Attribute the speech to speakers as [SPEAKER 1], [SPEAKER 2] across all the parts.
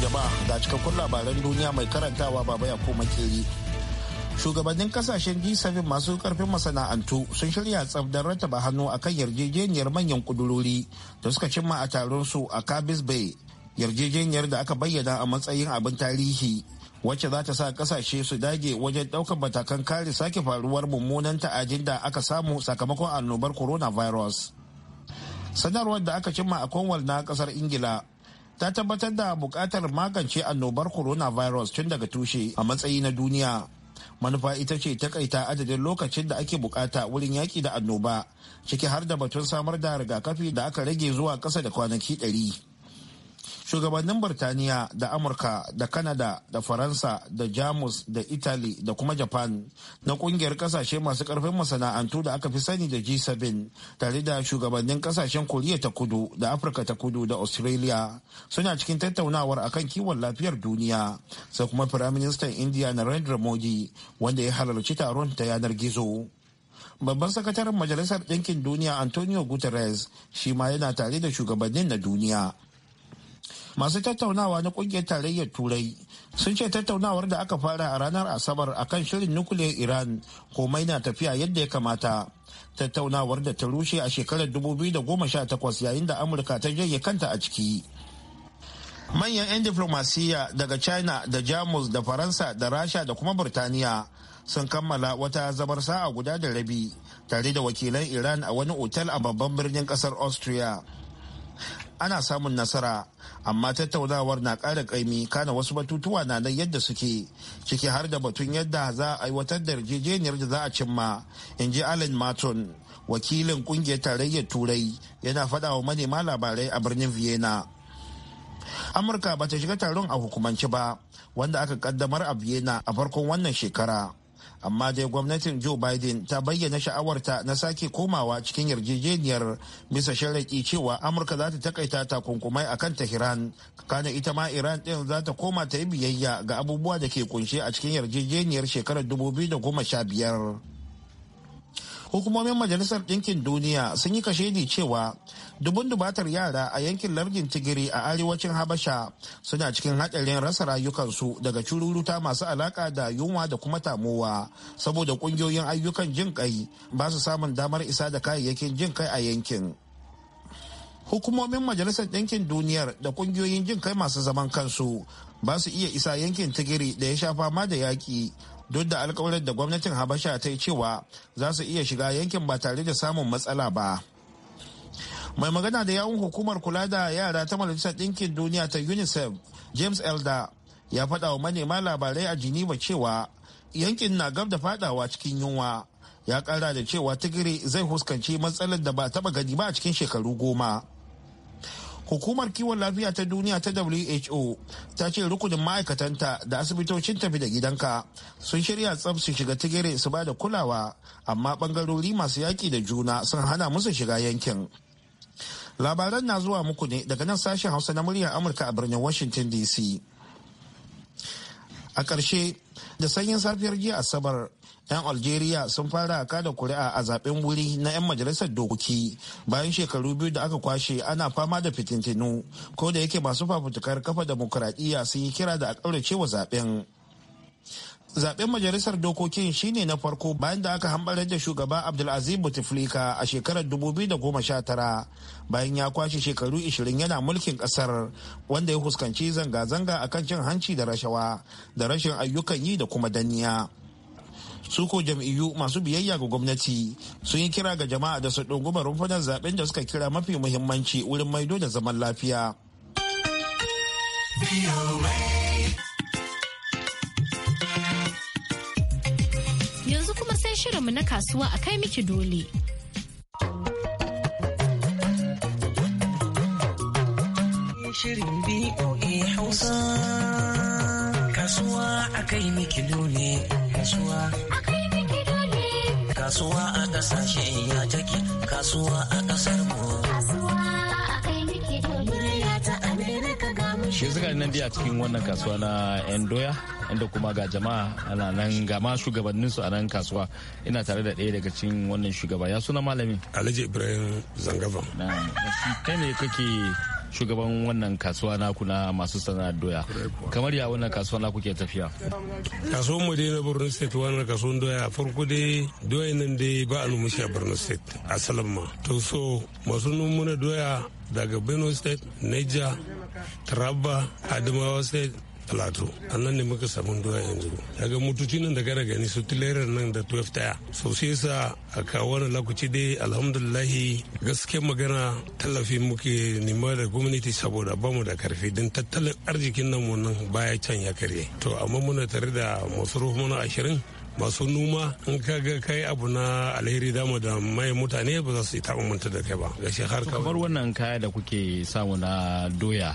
[SPEAKER 1] jama'a ga cikakkun labaran duniya mai karantawa baba ya koma keri. Shugabannin kasashen G7 masu karfin masana'antu sun shirya tsaf don rattaba hannu akan yarjejeniyar manyan kudurori da suka cimma a taron su a Kabis Bay. Yarjejeniyar da aka bayyana a matsayin abin tarihi wacce za ta sa kasashe su dage wajen ɗaukar matakan kare sake faruwar mummunan ta'ajin da aka samu sakamakon annobar coronavirus. sanarwar da aka cimma a konwal na kasar ingila ta tabbatar da buƙatar magance annobar coronavirus tun daga tushe a matsayi na duniya manufa ita ce takaita adadin lokacin da ake bukata wurin yaki da annoba ciki har da batun samar da rigakafi da aka rage zuwa ƙasa da kwanaki ɗari. shugabannin Birtaniya da Amurka da Kanada da Faransa da Jamus da Italy da kuma Japan na kungiyar kasashe masu karfin masana'antu da aka fi sani da G7 tare da shugabannin kasashen Koriya ta Kudu da Afirka ta Kudu da Australia suna cikin tattaunawar akan kiwon lafiyar duniya sai kuma Firaministan India Narendra Modi wanda ya halarci taron ta yanar gizo. babban sakataren majalisar ɗinkin duniya antonio guterres shi ma yana tare da shugabannin na duniya masu tattaunawa na kungiyar tarayyar turai sun ce tattaunawar da aka fara a ranar asabar a kan shirin nukiliyar iran komai na tafiya yadda ya kamata tattaunawar da ta rushe a shekarar 2018 yayin da amurka ta janye kanta a ciki manyan 'yan diflomasiyya daga china da jamus da faransa da rasha da kuma burtaniya sun kammala wata zabar sa'a guda da rabi tare da wakilan iran a wani otal a babban birnin kasar austria ana samun nasara amma tattaunawar na ƙara ƙaimi kana wasu batutuwa na nan yadda suke ciki har da batun yadda za a aiwatar da yarjejeniyar da za a cimma in ji alan martin wakilin kungiyar tarayyar turai yana faɗa wa manema labarai a birnin vienna amurka ba ta shiga taron a hukumance ba wanda aka kaddamar a vienna a farkon wannan shekara amma dai gwamnatin joe biden ta bayyana sha'awarta na sake komawa cikin yarjejeniyar bisa sharaɗi cewa amurka za ta takaita takunkumai a kan tehran kana ita ma iran ɗin za ta koma ta yi biyayya ga abubuwa da ke kunshe a cikin yarjejeniyar shekarar 2015 hukumomin majalisar ɗinkin duniya sun yi kashedi cewa dubun dubatar yara a yankin lardin tigiri a arewacin habasha suna cikin haɗarin rasa rayukansu daga cururuta masu alaƙa da yunwa da kuma tamowa saboda ƙungiyoyin ayyukan jin kai ba su samun damar isa da kayayyakin jin kai a yankin hukumomin majalisar ɗinkin duniyar da ƙungiyoyin jin kai masu zaman kansu ba su iya isa yankin tigiri da ya shafa ma da yaƙi duk da alkawarin da gwamnatin habasha ta yi cewa za su iya shiga yankin ba tare da samun matsala ba mai magana da yawun hukumar kula da yara ta majalisar ɗinkin duniya ta unicef james elder ya faɗa wa manema labarai a geneva cewa yankin na gab da fadawa cikin yunwa ya kara da cewa tigiri zai huskanci matsalar da ba taɓa gani ba a cikin shekaru goma hukumar kiwon lafiya ta duniya ta who ta ce rukunin ma'aikatanta da asibitocin tafi da gidanka sun shirya tsab su shiga tigere su ba da kulawa amma bangarori masu yaƙi da juna sun hana musu shiga yankin labaran na zuwa muku ne daga nan sashen hausa na muryar amurka a birnin washington dc a ƙarshe da sanyin safiyar jiya asabar 'yan algeria sun fara kada kuri'a a zaben wuri na 'yan majalisar dokoki bayan shekaru biyu da aka kwashe ana fama da fitintinu ko da yake masu fafutukar kafa demokuraɗiyya sun yi kira da a ƙauracewa zaben zaben majalisar dokokin shine na farko bayan da aka hambarar da shugaba abdulaziz bouteflika a shekarar 2019 bayan ya kwashe shekaru 20 yana mulkin kasar wanda ya fuskanci zanga-zanga akan cin hanci da rashawa da rashin ayyukan yi da kuma danniya su ko jam'iyyu masu biyayya ga gwamnati sun yi kira ga jama'a da su ɗunguma rumfunan zaben da suka kira mafi muhimmanci wurin maido da zaman lafiya.
[SPEAKER 2] Yanzu kuma sai shirinmu na kasuwa a kai miki dole.
[SPEAKER 3] Shirin BOA Hausa, kasuwa a kai miki dole. kasuwa kasuwa a kasashe ya take
[SPEAKER 4] kasuwa
[SPEAKER 5] a kasar mu shi suka nan dai a cikin wannan kasuwa na yan doya inda kuma ga jama'a ana nan ga ma shugabannin su a nan kasuwa ina tare da ɗaya daga cikin wannan shugaba ya suna malami. alhaji ibrahim Na shi kai ne kake shugaban wannan kasuwa naku na masu sana'ar doya kamar ya wannan kasuwa naku ke tafiya
[SPEAKER 6] kasuwan mu dai na borno state wannan kasuwan doya farko dai doya nan dai ba a numushi a borno state a ma to so masu numuna doya daga benue state niger taraba adamawa state plateau nan ne muka samu doya yanzu daga mutuci nan da gara gani su tilerar nan da 12 taya so sai sa a kawo wani dai alhamdulillahi gaskiyar magana tallafi muke nema da gwamnati saboda bamu da karfi don tattalin arzikin nan mu nan baya can ya karye to amma muna tare da masu ruhu ashirin masu noma in ka ga kai abu na alheri damu da mai mutane ba za su yi taɓa manta da kai ba ga shekar kawai kamar
[SPEAKER 5] wannan kaya da kuke samu na doya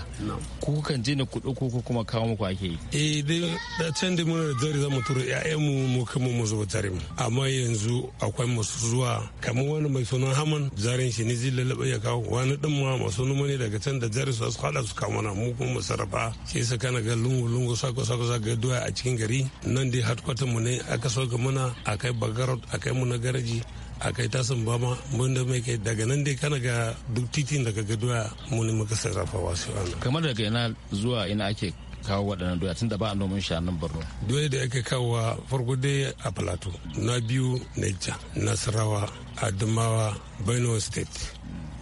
[SPEAKER 5] ku
[SPEAKER 6] kan je na kuɗi ko kuma kawo muku ake yi eh dai da can da muna da zari za mu turo ƴaƴanmu mu kuma mu zo tare mu amma yanzu akwai masu zuwa kamar wani mai sunan haman zarin shi ne zai lalaba ya kawo wani din ma masu noma ne daga can da zari su su haɗa su kawo mana mu kuma mu sarrafa sai su kana ga lungu lungu sako sako sako doya a cikin gari nan dai hatkwatan mu ne aka aka ga muna akai bagarot akai muna garaji akai tasin bama mun da mai kai daga nan dai kana ga duk titin daga gaduwa muni muka sarrafa wasu kamar daga ina
[SPEAKER 5] zuwa ina ake kawo waɗannan doya tun da ba a nomin shi a nan borno
[SPEAKER 6] doya da ake kawo farko dai a plateau na biyu naija nasarawa adamawa benue state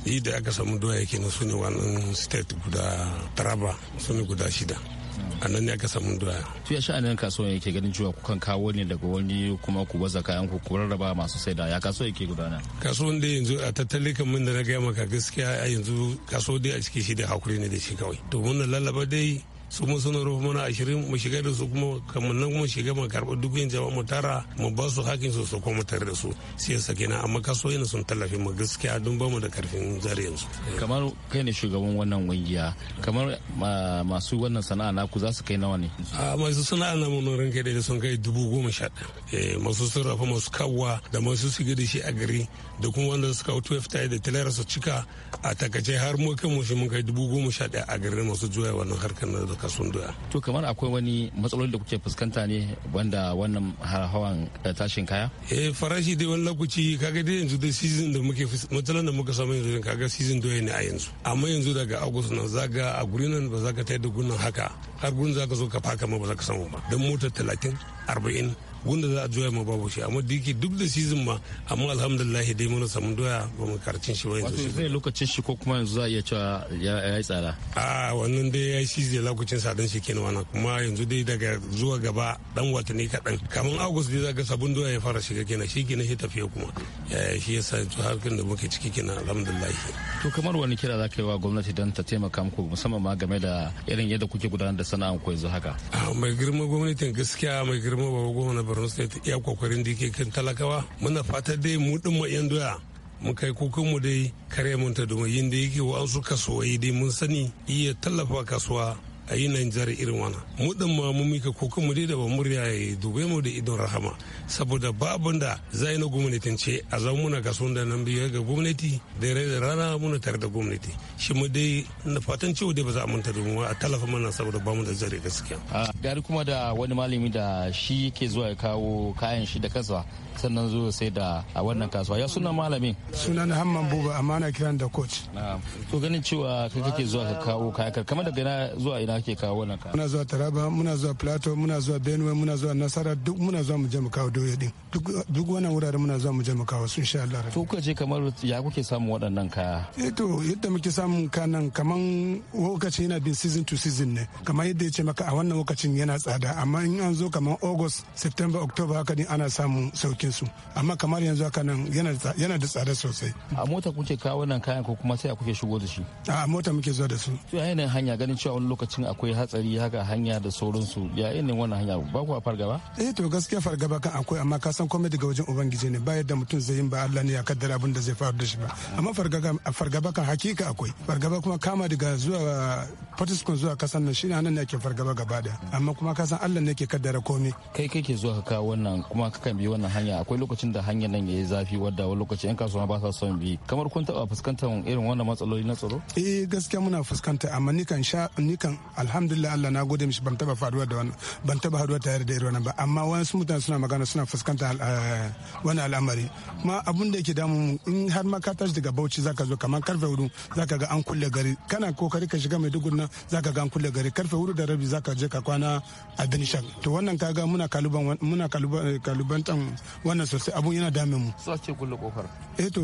[SPEAKER 6] yi da aka samu doya yake na su ne wannan state guda taraba su ne guda shida a nan ne aka samu doya to ya sha'anin kasuwan yake ganin cewa kukan kawo ne daga
[SPEAKER 5] wani kuma ku baza kayan ku rarraba masu saida ya kasuwa yake gudana
[SPEAKER 6] kasuwan da yanzu a tattali mun da na gaya maka gaskiya yanzu kasuwa dai a cikin shi da hakuri ne da shi kawai to mun lallaba dai su mun suna rufe mana ashirin mu shiga da su kuma kamar nan kuma shiga mu karɓi duk yin jama'a mu tara mu ba su hakin su su kuma tare da su sai sake na amma kaso yana sun tallafi mu gaskiya don ba mu da karfin zariyan yanzu.
[SPEAKER 5] kamar kai ne shugaban wannan ƙungiya kamar masu wannan sana'a naku za su kai nawa ne. a
[SPEAKER 6] masu sana'a na mun ranka da sun kai dubu goma sha ɗaya eh, masu sarrafa masu kawwa da masu shiga da shi a gari da kuma wanda suka wuto fita da tilara su cika a takace har mu kai mushi mun kai dubu goma sha ɗaya a garin masu juya wannan harkar na da kasuwan doya.
[SPEAKER 5] to kamar akwai wani matsaloli da kuke fuskanta ne wanda wannan hawan eh, tashin kaya.
[SPEAKER 6] eh farashi dai wani lokaci kaga dai yanzu da season da muke matsalar da muka samu yanzu kaga season doya ne a yanzu amma yanzu daga august nan zaga a gurin nan ba za ka tayar da gunan haka har gurin za ka zo ka faka ma ba za ka samu ba don motar talatin arba'in gunda za a doya ma babu shi amma da yake duk da season ma amma alhamdulillah dai mun samu doya ba mu karcin shi ba yanzu shi zai lokacin shi ko kuma yanzu za a iya cewa ya yi tsada a wannan dai ya shi zai lokacin sadan shi kenan wannan kuma yanzu dai daga zuwa gaba dan watanni dan kamar august dai zaka sabon doya ya fara shiga kenan shi kenan shi tafiya kuma shi ya sa kin da muke ciki kenan alhamdulillah
[SPEAKER 5] to kamar wani kira zaka yi wa gwamnati dan ta taimaka muku musamman ma game da irin yadda kuke gudanar da sana'an ku yanzu haka
[SPEAKER 6] mai girma gwamnatin gaskiya mai girma ba gwamnati borno state iya kokarin da yake kan talakawa muna fata dai mu din mu yan doya mu kai kokon mu dai kare mun ta domin da yake wa an su kasuwa dai mun sani iya tallafa kasuwa a yi nan jari irin wana. Mu ɗin ma mu mika kokon mu dai da ba murya ya dube mu da idon rahama saboda ba abin da na gwamnatin ce a zama muna gaso da nan biyu ga gwamnati da rai da rana muna tare da gwamnati. Shi mu dai na fatan cewa dai ba za a manta da mu a talafa mana saboda ba mu da zare gaskiya.
[SPEAKER 5] Ah, ga kuma da wani malami da shi ke zuwa ya kawo kayan shi da kasuwa sannan zo sai da a wannan kasuwa ya suna malami
[SPEAKER 7] sunan hamman buba amma na kiran da coach
[SPEAKER 5] to ganin cewa kai kake zuwa ka kawo kaya kamar daga zuwa ina kake kawo wannan kaya muna
[SPEAKER 7] zuwa taraba muna zuwa plateau muna zuwa benue muna zuwa nasara duk muna zuwa mu je mu kawo doya din duk wannan wuraren muna zuwa mu je mu kawo su insha Allah to ku ce kamar ya kuke samun waɗannan kaya eh to yadda muke samun kanan kamar lokaci yana bin season to season ne kamar yadda ya ce maka a wannan lokacin yana tsada amma in an zo kamar august september october haka din ana samun sauki su amma kamar yanzu haka nan yana da tsada sosai a mota kuke kawo nan kayan ko kuma sai a kuke shigo da shi a mota muke zuwa da su
[SPEAKER 5] to yayin nan hanya ganin cewa wani lokacin akwai hatsari haka hanya da sauransu ya nan wannan hanya ba ku a fargaba
[SPEAKER 7] eh to gaskiya fargaba kan akwai amma ka san komai daga wajen ubangiji ne ba yadda mutum zai yin ba Allah ne ya kaddara abin da zai faru da shi ba amma fargaba kan hakika akwai fargaba kuma kama daga zuwa Fatiskun zuwa kasan nan shine nan ne ake fargaba gaba da amma kuma kasan Allah ne ke kaddara komai
[SPEAKER 5] kai kake zuwa ka kawo wannan kuma ka kan bi wannan hanya akwai lokacin da hanyar nan yi zafi wadda wani lokaci yan kasuwa ba sa son bi kamar kun taba fuskantar irin wannan matsaloli na tsaro
[SPEAKER 7] eh gaskiya muna fuskanta amma nikan sha nikan alhamdulillah Allah na gode mishi ban taba faruwa da wannan ban taba haduwa ta da irin wannan ba amma wasu mutane suna magana suna fuskanta eh, wani al'amari ma abun da yake damu in har ma ka tashi daga Bauchi zaka zo kamar karfe hudu zaka ga an kulle gari kana kokari ka shiga Maiduguri nan zaka ga an kulle gari karfe hudu da rabi zaka je ka kwana a Binishan to wannan kaga muna kaluban muna eh, kalubantan wannan sosai abun yana damin mu
[SPEAKER 5] su ce kulle kofar
[SPEAKER 7] eh to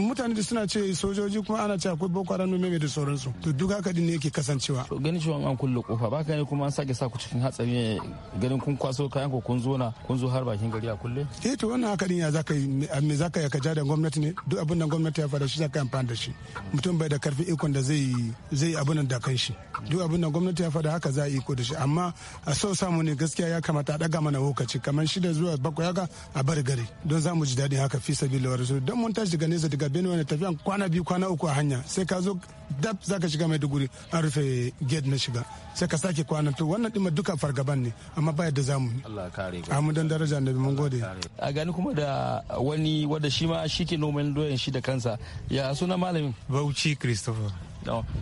[SPEAKER 7] mutane da suna ce sojoji kuma ana ce akwai boko haram meme da sauransu to duk haka din ne yake kasancewa to ganin
[SPEAKER 5] cewa an kulle kofa ba ka ne kuma an sake sa ku cikin hatsari ganin kun kwaso kayan ku kun zo na kun zo har bakin gari a kulle
[SPEAKER 7] eh to wannan haka din ya zaka me zaka ya ka ja da gwamnati ne duk abin da gwamnati ya fara shi zaka amfani da shi mutum bai da karfi ikon da zai zai abin da kan shi duk abin da gwamnati ya fara haka za a iko da shi amma a so samu ne gaskiya ya kamata a daga mana lokaci kamar shida zuwa bakwai haka a bar gari don za mu ji daɗin haka fi sabi wa rasul don mun tashi daga nesa daga benin wani tafiyan kwana biyu kwana uku a hanya sai ka zo dab za ka shiga maiduguri an rufe gate na shiga sai ka sake kwana to wannan ɗin duka fargaban ne amma ba yadda za mu
[SPEAKER 5] yi mu don
[SPEAKER 7] daraja annabi mun gode
[SPEAKER 5] a gani kuma da wani wadda shi ma shi ke noman doyan shi da kansa ya suna malamin bauchi christopher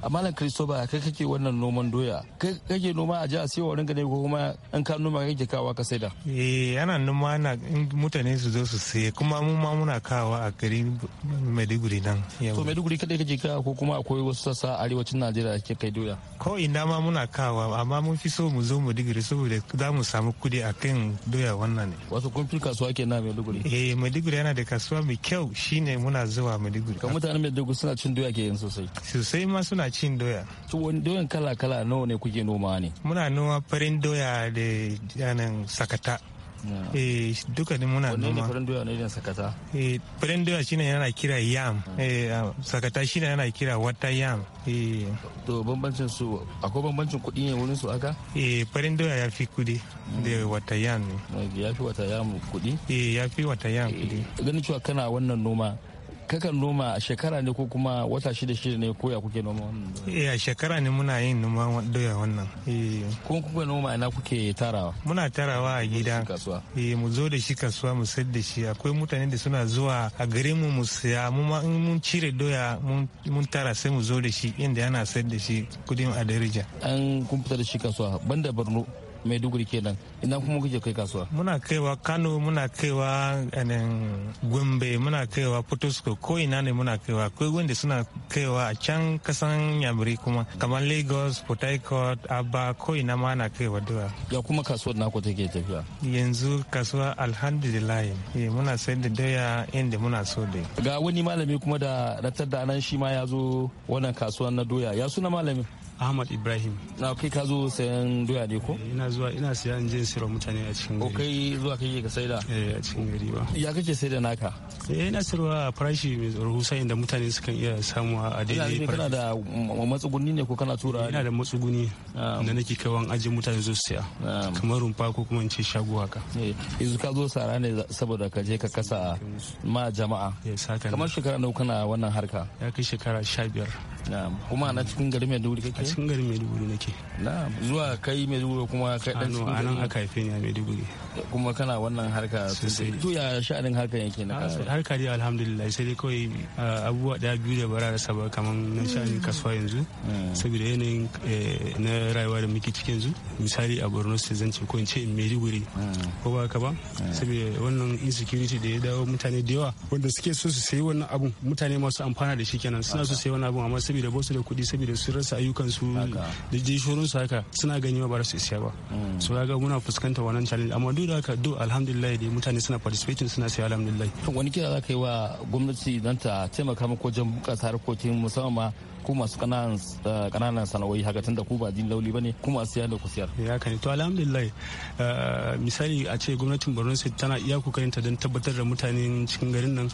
[SPEAKER 5] a malam kristoba kai kake wannan noman doya kai kake noma a jiha sai warin gane ko kuma in ka noma kake kawa ka saida
[SPEAKER 8] eh ana noma na mutane su zo su saye kuma mu ma muna kawa a garin maiduguri nan to
[SPEAKER 5] maiduguri kadai kake kawa ko kuma akwai wasu sassa arewacin najeriya ke kai doya ko ina ma
[SPEAKER 8] muna kawa amma mun fi so mu zo maiduguri saboda za mu samu kudi a kan doya wannan ne wato kun fi kasuwa ke na maiduguri eh maiduguri yana da kasuwa mai kyau shine muna zuwa maiduguri kan mutanen maiduguri suna cin doya ke yin sosai sosai ma suna cin doya. To wani doyan kala kala nawa ne
[SPEAKER 5] kuke noma ne?
[SPEAKER 8] Muna noma farin doya da yanan sakata. Eh duka ne muna noma. Wanne ne farin
[SPEAKER 5] doya ne da sakata?
[SPEAKER 8] Eh farin doya shine yana kira yam. Eh ah, sakata shine yana kira wata yam. Eh to bambancin su akwai bambancin
[SPEAKER 5] kuɗi ne wurin su aka? Eh farin doya ya fi kuɗi da hmm. wata yam ne. Ya fi wata yam kuɗi? Eh ya fi wata yam eh, kuɗi. Ganin cewa kana wannan noma kakan noma a shekara ne ko kuma wata shida shida ne ko ya kuke noma wannan
[SPEAKER 8] a eh, shekara ne muna yin noma doya wannan eh. ko kuka noma ina kuke tarawa muna tarawa a gida eh, mu zo da shi kasuwa mu sayar da shi akwai mutane da suna zuwa a gare mu mu siya mu ma mun cire doya mun tara sai mu zo da shi inda yana sayar da shi kudin darija
[SPEAKER 5] an kun fita da shi kasuwa banda Borno maiduguri kenan idan kuma kuke kai kasuwa
[SPEAKER 8] muna kaiwa kano muna kaiwa gombe muna kaiwa potosko ko ina ne muna kaiwa ko wanda suna kaiwa a can kasan yamuri kuma kamar lagos port harcourt abba ko ina ma na kaiwa duwa ya kuma kasuwar naku take tafiya yanzu kasuwa alhamdulillah eh, muna sayar da doya inda muna so dai
[SPEAKER 5] ga wani malami kuma da rattar da anan shi ma ya zo wannan kasuwar na doya ya suna malami Ahmad Ibrahim. Na
[SPEAKER 9] kai ka zo sayan doya ne ko? Eh, ina zuwa ina sayan jin je mutane a cikin gari. kai zuwa kake ka saida? Eh a cikin gari ba. Ya kake saida naka? Eh ina sayarwa a farashi mai rahusa da mutane sukan iya samu a daidai farashi. Kana
[SPEAKER 5] da matsuguni ne ko kana tura? Ina da
[SPEAKER 9] matsuguni da nake wan aje mutane zo siya. Kamar rumfa ko kuma in ce shago haka. Eh, yanzu ka
[SPEAKER 5] zo sara ne saboda ka je ka kasa ma jama'a. Kamar shekara nawa kana wannan harka?
[SPEAKER 9] Ya kai shekara sha biyar. na'am kuma na cikin garin Maiduguri kake a cikin garin Maiduguri nake
[SPEAKER 5] na'am zuwa kai Maiduguri kuma kai dan cikin anan aka haife ni a Maiduguri kuma kana wannan harka sosai
[SPEAKER 9] to ya sha'anin haka yake na kasuwa ah, harka dai alhamdulillah sai dai kawai ah, abubuwa daya biyu da bara rasa ba kaman na sha'anin hmm. kasuwa yanzu hmm. saboda yanayin eh, na rayuwa da muke cikin yanzu misali a Borno State zan ce ko in ce in Maiduguri hmm. ko ba ka ba saboda wannan insecurity da ya dawo mutane da yawa wanda suke so su sayi wannan abun mutane masu amfana da shi kenan suna so su sayi wannan abun amma saboda ba da kuɗi saboda sun rasa su da su haka suna gani ba su siya ba mm. so ga muna fuskantar wannan challenge amma duk da haka do alhamdulillah dai mutane suna participating suna siya alhamdulillah wani kira za ka yi wa gwamnati don ta taimaka maka
[SPEAKER 5] wajen bunƙasa harkokin musamman ku masu kananan eh, sana'o'i haka tun da ku ba jin lauli
[SPEAKER 9] bane ku masu siyar da ku siyar ya eh, to alhamdulillah eh, misali a ce gwamnatin Borno State tana iya kokarin ta don tabbatar da mutane cikin garin nan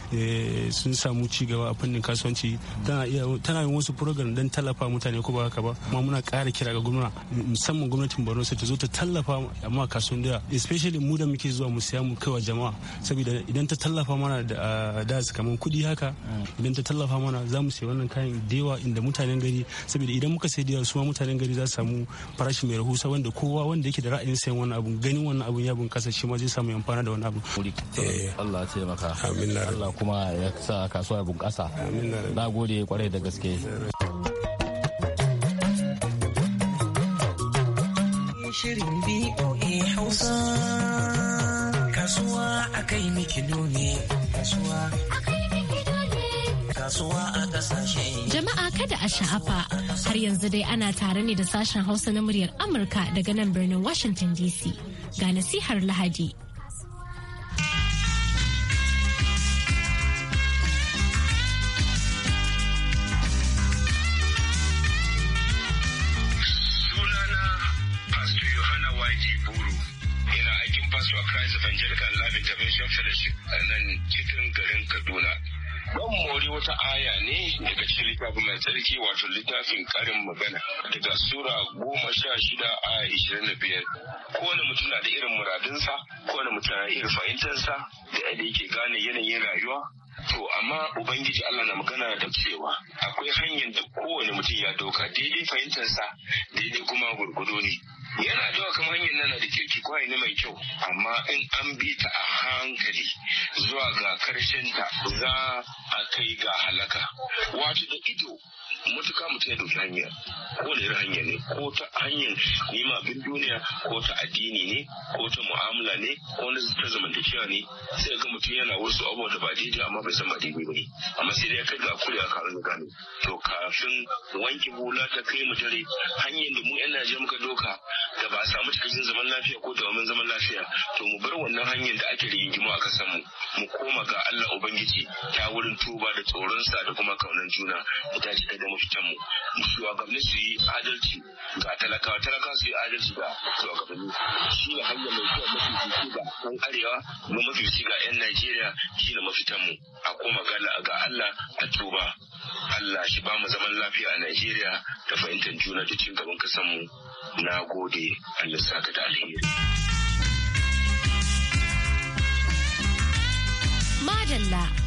[SPEAKER 9] sun samu ci gaba a fannin kasuwanci tana iya tana yin wasu program don tallafa mutane ko ba haka ba kuma muna ƙara kira ga gwamna musamman gwamnatin Borno State ta zo ta tallafa amma kasuwanci especially mu da muke zuwa mu siya mu wa jama'a saboda idan ta tallafa mana da ah, da kamar kuɗi haka mm. idan ta tallafa mana za mu siya wannan kayan dewa yawa da mutanen gari saboda idan muka sai da su ma mutanen gari za su samu farashi mai rahusa wanda kowa wanda yake da ra'ayin sayan wani abu ganin wani abu ya bunkasa shi ma zai samu amfana da wani abu
[SPEAKER 5] eh. Allah ya taimaka amin Allah kuma ya sa kasuwa ya bunkasa na gode kwarai da gaske
[SPEAKER 3] shirin BOA Hausa kasuwa akai miki ne kasuwa a kasuwa
[SPEAKER 2] Jama'a kada a sha'afa har yanzu dai ana tare ne da sashen Hausa na muryar Amurka daga nan birnin Washington DC ga nasihar Lahadi.
[SPEAKER 10] sarki wato littafin karin magana daga sura goma sha shida a ishirin da biyar kowane mutum na da irin muradinsa kowane mutum na irin fahimtarsa da yadda yake gane yanayin rayuwa To amma Ubangiji Allah na magana da cewa akwai hanyar da kowane mutum ya doka daidai fahimtarsa daidai kuma gurgudu ne. Yana zuwa kan hanyar nan da kirki kwai ne mai kyau, amma in an bi ta a hankali zuwa ga karshen ta za a kai ga halaka. Wato da ido mutuka mutum ya dauki hanyar ko da hanya ne ko ta hanyar nema abin duniya ko ta addini ne ko ta mu'amala ne ko na ta zamantakewa ne sai ga mutum yana wasu abubuwa da ba daidai amma bai san ba daidai ba ne amma sai dai kai ga kuri a karin gane to kafin wanke hula ta kai mu dare hanyar da mu yan Najeriya muka doka da ba a samu cikakken zaman lafiya ko dawamin zaman lafiya to mu bar wannan hanyar da ake rigima a kasan mu mu koma ga Allah Ubangiji ta wurin tuba da tsoronsa da kuma kaunan juna mu tashi kada mafitanmu shugabanni su yi adalci ga talakawa talakawa su yi adalci ga shugabanni shi ne hanyar mai kyau mafi fifi ga ɗan arewa kuma mafi fifi ga 'yan najeriya shi ne mafitanmu a koma ga allah a tuba allah shi ba mu zaman lafiya a najeriya da fahimtar juna da cin gaban kasanmu na gode allah saka da alheri.
[SPEAKER 2] Madalla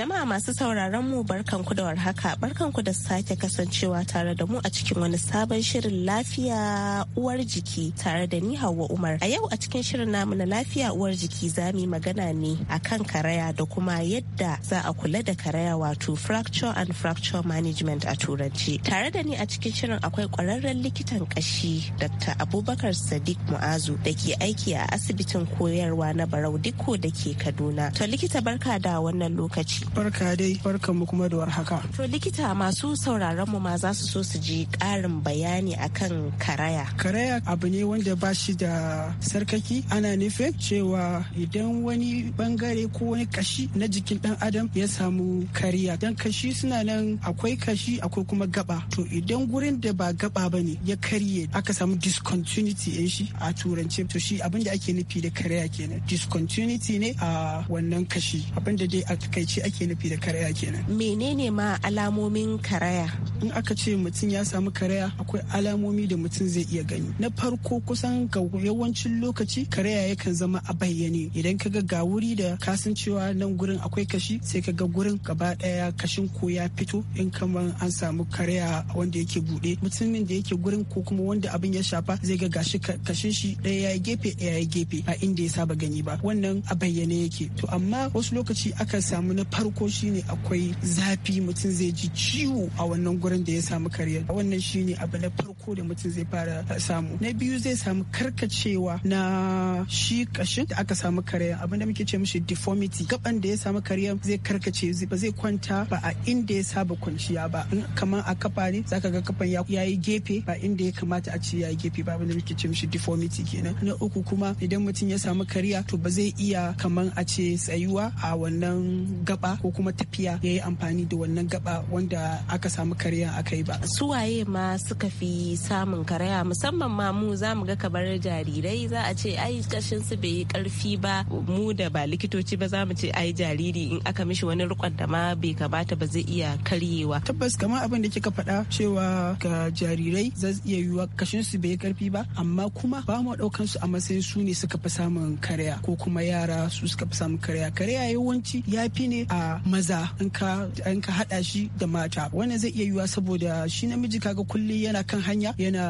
[SPEAKER 4] Jama'a masu sauraron mu barkanku da warhaka barkanku da sake kasancewa tare da mu a cikin wani sabon shirin lafiya uwar jiki tare da ni Hauwa Umar. A yau a cikin shirin namu na lafiya uwar jiki za mu magana ne akan karaya da kuma yadda za a kula da karaya wato fracture and fracture management a turanci. Tare da ni a cikin shirin akwai kwararren likitan kashi Dr. Abubakar Sadiq Mu'azu da ke aiki a asibitin koyarwa na Barau Dikko da ke Kaduna. To likita barka da wannan lokaci.
[SPEAKER 3] Barka dai, barkan mu kuma da warhaka.
[SPEAKER 4] To likita masu sauraron mu ma za su so su ji ƙarin bayani akan karaya.
[SPEAKER 3] Karaya abu ne wanda ba shi da sarkaki ana nufin cewa idan wani bangare ko wani kashi na jikin dan adam ya samu kariya. Dan kashi suna nan akwai kashi akwai kuma gaba. To idan gurin da ba gaba ba ne ya karye aka samu discontinuity in shi a turance to shi abin ake nufi da karaya kenan. Discontinuity ne a wannan kashi abin da dai a takaice ake nufi da karaya kenan menene ma alamomin karaya in aka ce mutum ya samu karaya akwai alamomi da mutum zai iya gani na farko kusan ga yawancin lokaci karaya yakan zama a bayyane idan ka ga gawuri da kasan cewa nan gurin akwai kashi sai ka ga gurin gaba daya kashin ko ya fito in kamar an samu karaya wanda yake bude mutumin da yake gurin ko kuma wanda abin ya shafa zai ga gashi kashin shi daya ya gefe daya ya gefe a inda ya saba gani ba wannan a bayyane yake to amma wasu lokaci aka samu na farko shine akwai zafi mutum zai ji ciwo a wannan gurin da ya samu karyar wannan shine abu na farko da mutum zai fara samu na biyu zai samu karkacewa na shi kashin da aka samu karyar abin da muke ce mishi deformity gaban da ya samu karyar zai karkace ba zai kwanta ba a inda ya saba kwanciya ba kamar a kafa ne zaka ga kafan ya yi gefe ba inda ya kamata a ce ya yi gefe ba abin da muke ce mishi deformity kenan na uku kuma idan mutum ya samu karya to ba zai iya kamar a ce tsayuwa a wannan gaba ko kuma tafiya ya yi amfani da wannan gaba wanda aka samu karya aka yi ba
[SPEAKER 4] suwaye ma suka fi samun karaya musamman ma mu za mu ga kamar jarirai za a ce ai kashin su bai yi karfi ba mu da ba likitoci ba za mu ce ai jariri in aka mishi wani rikon da ma bai kamata ba zai iya
[SPEAKER 3] karyewa tabbas kamar abin da kika faɗa cewa ga jarirai za iya yiwuwa kashin su bai yi karfi ba amma kuma ba mu ɗaukan su a matsayin su ne suka fi samun karya ko kuma yara su suka fi samun karya karaya yawanci ya fi ne a maza in ka haɗa shi da mata wannan zai iya yiwuwa saboda shi namiji kaga kulli yana kan hanya yana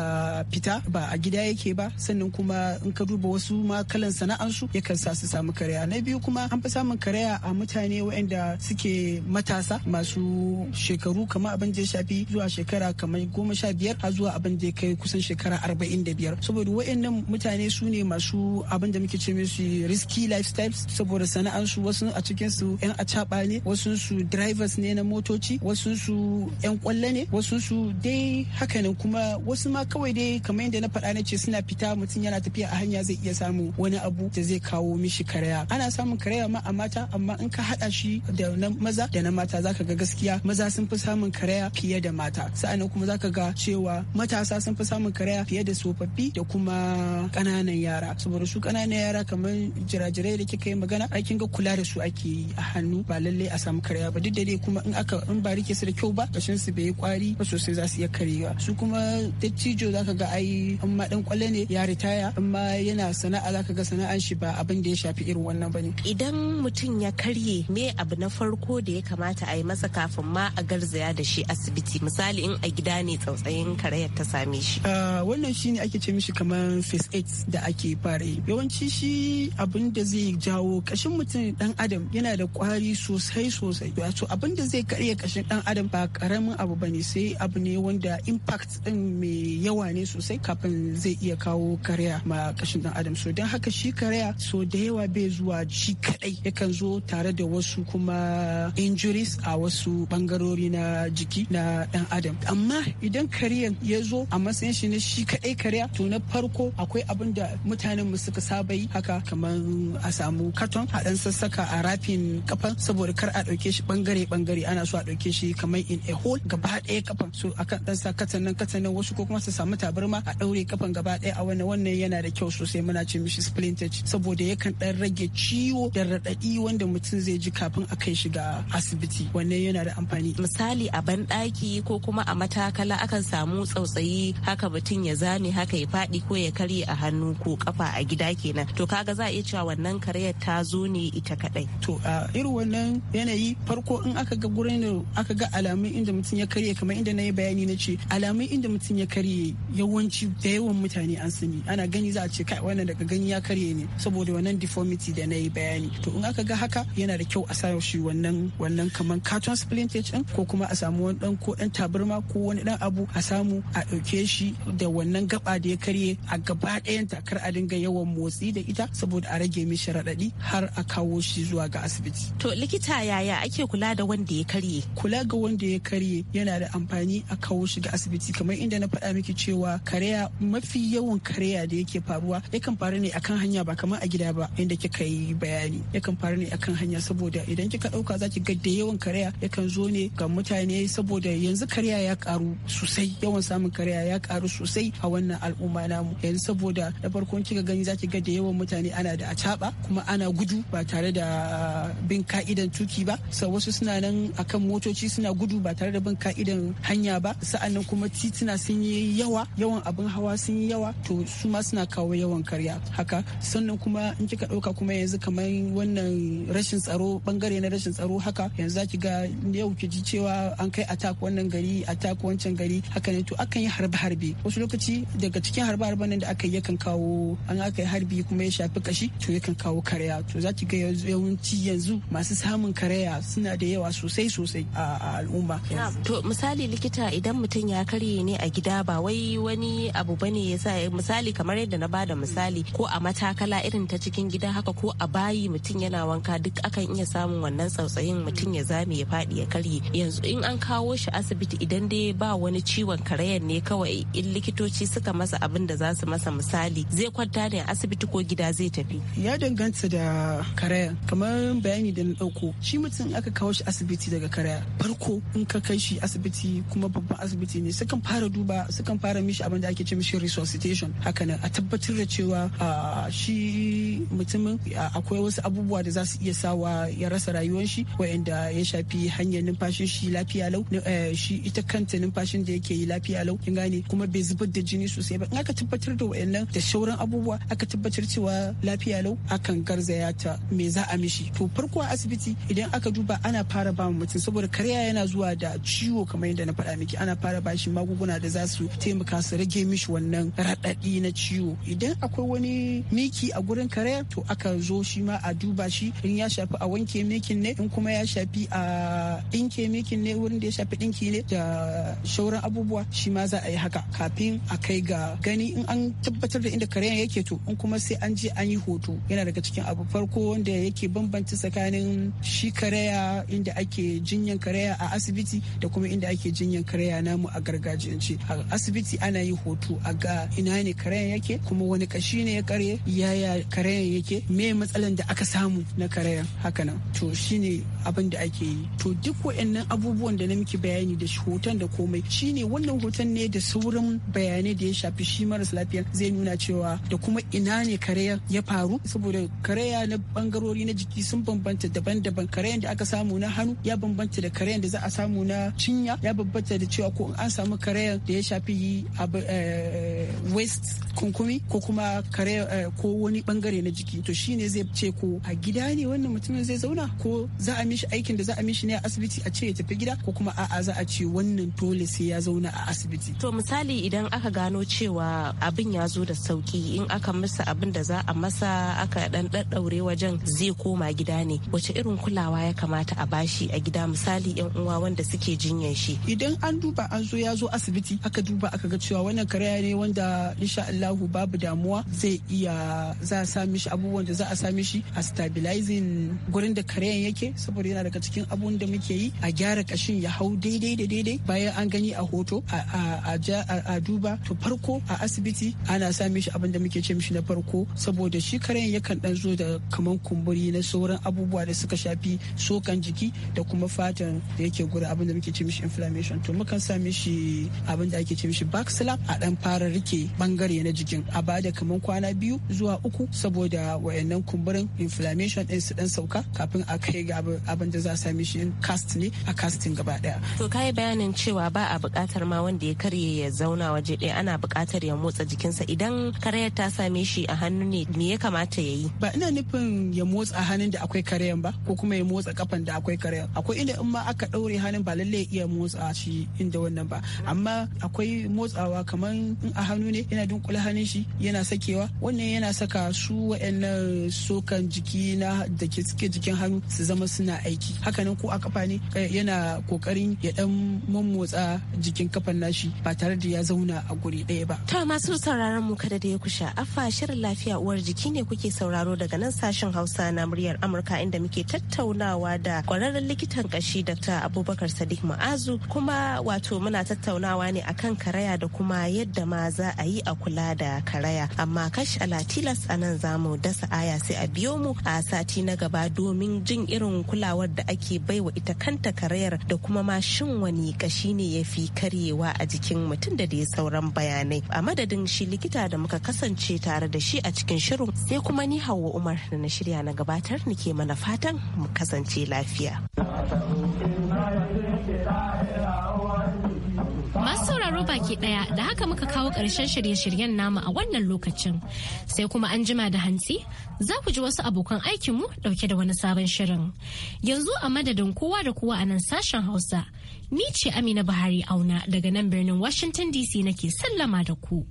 [SPEAKER 3] fita ba a gida yake ba sannan kuma in ka duba wasu ma kalan sana'ansu yakan sa su samu karaya na biyu kuma an fi samun karaya a mutane waɗanda suke matasa masu shekaru kamar abin da shafi zuwa shekara kamar goma sha biyar har zuwa abin da kai kusan shekara arba'in da biyar saboda waɗannan mutane su ne masu abin da muke ce musu risky lifestyles saboda sana'ansu wasu a cikinsu 'yan acaɓa ne wasu su drivers ne na motoci wasu su yan kwallo ne wasu su dai ne kuma wasu ma kawai dai kamar yadda na faɗa na ce suna fita mutum yana tafiya a hanya zai iya samu wani abu da zai kawo mishi karaya ana samun karaya ma a mata amma in ka haɗa shi da na maza da na mata zaka ga gaskiya maza sun fi samun karaya fiye da mata sa'annan kuma zaka ga cewa matasa sun fi samun karaya fiye da tsofaffi da kuma ƙananan yara saboda su ƙananan yara kamar jirajirai da kika yi magana aikin ga kula da su ake yi a hannu ba lalle a samu karya ba duk da dai kuma in aka in ba rike su da kyau ba kashin su bai yi kwari ba sosai za su iya karyewa su kuma dattijo za ka ga ai in ma dan kwalle ne ya ritaya in ma yana sana'a za ka ga sana'an shi ba abin da ya shafi irin wannan bane
[SPEAKER 4] idan mutum ya karye me abu na farko da ya kamata a yi masa kafin ma a garzaya da shi asibiti misali in a gida ne tsautsayin karayar ta same shi
[SPEAKER 3] ah, wannan shine ake ce mishi kamar face aid da ake fara yi yawanci shi abin da zai jawo kashin mutum dan adam yana da kwari sosai sosai sosai wato abin da zai karya kashin dan adam ba karamin abu bane sai abu ne wanda impact din mai yawa ne sosai kafin zai iya kawo karya ma kashin dan adam so don haka shi karya so da yawa bai zuwa shi kadai yakan zo tare da wasu kuma injuries a wasu bangarori na jiki na dan adam amma idan karyan ya zo a matsayin shi na shi kadai karya to na farko akwai abin da mutanen mu suka saba yi haka kamar a samu katon a dan sassaka a rafin kafan saboda saboda kar a ɗauke shi bangare bangare ana so a ɗauke shi kamar in a hole gaba ɗaya kafan so akan sa katan nan katan nan wasu ko kuma su samu tabarma a ɗaure kafan gaba ɗaya a wannan wannan yana da kyau sosai muna ce mishi splintage saboda yakan ɗan rage ciwo da raɗaɗi wanda mutum zai ji kafin a kai shi ga asibiti wannan yana da amfani. Misali a banɗaki ko kuma a matakala akan samu
[SPEAKER 4] tsautsayi haka mutum ya zame haka ya faɗi ko ya karye a hannu ko kafa a gida kenan to kaga za a iya cewa wannan karyar ta zo ne ita kaɗai. To
[SPEAKER 3] irin wannan yanayi farko in aka ga gurin da aka ga alamun inda mutum ya karye kamar inda na yi bayani na ce alamun inda mutum ya karye yawanci da yawan mutane an sani ana gani za a ce kai wannan daga gani ya karye ne saboda wannan deformity da na yi bayani to in aka ga haka yana da kyau a sa shi wannan wannan kamar carton splintage din ko kuma a samu wani dan ko dan tabarma ko wani dan abu a samu a dauke shi da wannan gaba da ya karye a gaba ɗayan takar a dinga yawan motsi da ita saboda a rage mishi raɗaɗi har a kawo shi zuwa ga asibiti to likita likita yaya ake kula da wanda ya karye kula ga wanda ya karye yana da amfani a kawo shi ga asibiti kamar inda na faɗa miki cewa karaya mafi yawan karya da yake faruwa yakan faru ne akan hanya ba kamar a gida ba inda kika yi bayani yakan faru ne akan hanya saboda idan kika ɗauka za ki ga da yawan karya yakan zo ne ga mutane saboda yanzu karya ya karu sosai yawan samun karaya ya karu sosai a wannan al'umma namu yanzu saboda da farko kika gani za ki ga da yawan mutane ana da acaba kuma ana gudu ba tare da bin ka'idan wannan tuki ba sa wasu suna nan akan motoci suna gudu ba tare da bin ka'idan hanya ba sa'annan kuma tituna sun yi yawa yawan abin hawa sun yi yawa to su ma suna kawo yawan karya haka sannan kuma in kika ɗauka kuma yanzu kamar wannan rashin tsaro bangare na rashin tsaro haka yanzu zaki ga yau ki ji cewa an kai attack wannan gari attack wancan gari haka ne to akan yi harbe-harbe wasu lokaci daga cikin harbe harbe nan da aka yi yakan kawo an aka yi harbi kuma ya shafi kashi to yakan kawo karya to zaki ga yawanci yanzu masu samun samun karaya suna da yawa sosai sosai a al'umma
[SPEAKER 4] to misali likita idan mutum ya karye ne a gida ba wai wani abu bane ya sa misali kamar yadda na bada misali ko a matakala irin ta cikin gida haka ko a bayi mutum yana wanka duk akan iya samun wannan tsautsayin mutum ya zame ya faɗi ya karye yanzu in an kawo shi asibiti idan dai ba wani ciwon karayan ne kawai in likitoci suka masa abin da za su masa misali zai kwanta ne asibiti ko gida zai tafi
[SPEAKER 3] ya danganta da karayan kamar bayani da na ɗauko shi mutum aka kawo shi asibiti daga karaya farko in ka kai shi asibiti kuma babban asibiti ne sukan fara duba sukan fara mishi abin da ake ce mishi resuscitation haka nan a tabbatar da cewa shi mutumin akwai wasu abubuwa da za su iya sawa ya rasa rayuwar shi wa'anda ya shafi hanyar numfashin shi lafiya lau eh, shi ita kanta numfashin da yake yi lafiya lau kin gane kuma bai zubar da jini sosai ba in aka tabbatar da wa'annan da sauran abubuwa aka tabbatar cewa lafiya lau akan garzaya ta me za a mishi to farko a asibiti idan aka duba ana fara ba mutum saboda karya yana zuwa da ciwo kamar yadda na faɗa miki ana fara bashi magunguna da za su taimaka su rage mishi wannan raɗaɗi na ciwo idan akwai wani miki a gurin karya to aka zo shi ma a duba shi in ya shafi a wanke mikin ne in kuma ya shafi a ɗinke mikin ne wurin da ya shafi ɗinki ne da shauran abubuwa shi ma za a yi haka kafin a kai ga gani in an tabbatar da inda karyan yake to in kuma sai an je an yi hoto yana daga cikin abu farko wanda yake bambanta tsakanin shi karaya inda ake jinyan karaya a asibiti da kuma inda ake jinyan karaya namu a gargajiyance a asibiti ana yi hoto a ga ina ne karayan yake kuma wani kashi ne ya karye yaya karayan yake me matsalan da aka samu na karayan hakanan to shine abin da ake yi to duk waɗannan abubuwan da na miki bayani da hoton da komai shine wannan hoton ne da sauran bayanai da ya shafi shi maras lafiya zai nuna cewa da kuma ina ne karayan ya faru saboda karaya na bangarori na jiki sun bambanta daban-daban ban da aka samu na hannu ya bambanta da karayan da za a samu na cinya ya bambanta da cewa ko an samu kare da ya shafi eh, west kunkumi ko kuma kare eh, ko wani bangare na jiki to shine zai ce ko a gida ne wannan mutumin zai zauna ko za a mishi aikin da za a mishi ne a asibiti a ce ya tafi gida ko kuma a'a za a ce wannan dole sai ya zauna a asibiti
[SPEAKER 4] to misali idan aka gano cewa abin ya zo da sauki in aka masa abin da za a masa aka dan daddaure wajen zai koma gida ne wace irin kulawa ya kamata a bashi a gida
[SPEAKER 3] misali yan uwa wanda suke jinyar shi idan an duba an zo ya zo asibiti aka duba aka ga cewa wannan karaya ne wanda insha Allahu babu damuwa zai iya za a sami shi abubuwan da za a sami shi a stabilizing gurin da karayan yake saboda yana daga cikin abun da muke yi a gyara kashin ya hau daidai da daidai bayan an gani a hoto a duba to farko a asibiti ana sami shi abin da muke ce mishi na farko saboda shi karen yakan dan zo da kaman kumburi na sauran abubuwa da suka sha. shafi sokan jiki da kuma fatan da yake gura abin da muke ce mishi inflammation to mukan sa mishi abin da ake ce mishi back slap a dan fara rike bangare na jikin a bada kaman kwana biyu zuwa uku saboda wayannan kumburin inflammation din su dan sauka kafin a kai ga abin da za a sa mishi in cast ne a casting gaba daya
[SPEAKER 4] to kai bayanin cewa ba a buƙatar ma wanda ya karye ya zauna waje ɗaya ana buƙatar ya motsa jikinsa idan karayar ta same shi a hannu ne me ya kamata ya yi
[SPEAKER 3] ba ina nufin ya motsa hannun da akwai karayan ba ko kuma ya motsa kafan da akwai kare akwai inda in ma aka daure hannun ba lallai iya motsa shi inda wannan ba amma akwai motsawa kamar in a hannu ne yana dunkula hannun shi yana sakewa wannan yana saka su wa'annan sokan jiki na da ke suke jikin hannu su zama suna aiki hakanan ko a kafa ne eh, yana kokarin ya dan mummotsa jikin kafan nashi ba tare da ya zauna a guri ɗaya ba
[SPEAKER 4] to masu sauraron mu kada da ya kusha afa shirin lafiya uwar jiki ne kuke sauraro daga nan sashen hausa na muryar amurka inda muke tattauna tattaunawa da kwararren likitan kashi Dr. Abubakar Sadiq Ma'azu kuma wato muna tattaunawa ne akan karaya da kuma yadda ma za a yi a kula da karaya amma kash alatilas a nan za mu dasa aya sai a biyo mu a sati na gaba domin jin irin kulawar da ake baiwa ita kanta karayar da kuma ma shin wani kashi ne ya fi karyewa a jikin mutum da dai sauran bayanai a madadin shi likita da muka kasance tare da shi a cikin shirin sai kuma ni hawa umar da na shirya na gabatar nike mana fatan mu kasance lafiya.
[SPEAKER 2] Masu sauraro baki ɗaya da haka muka kawo ƙarshen shirye-shiryen nama a wannan lokacin. Sai kuma an jima da hantsi za ku ji wasu abokan aikinmu ɗauke da wani sabon shirin. Yanzu a madadin kowa da kowa a nan sashen Hausa, ni ce Amina Buhari Auna daga nan birnin Washington DC nake sallama da ku.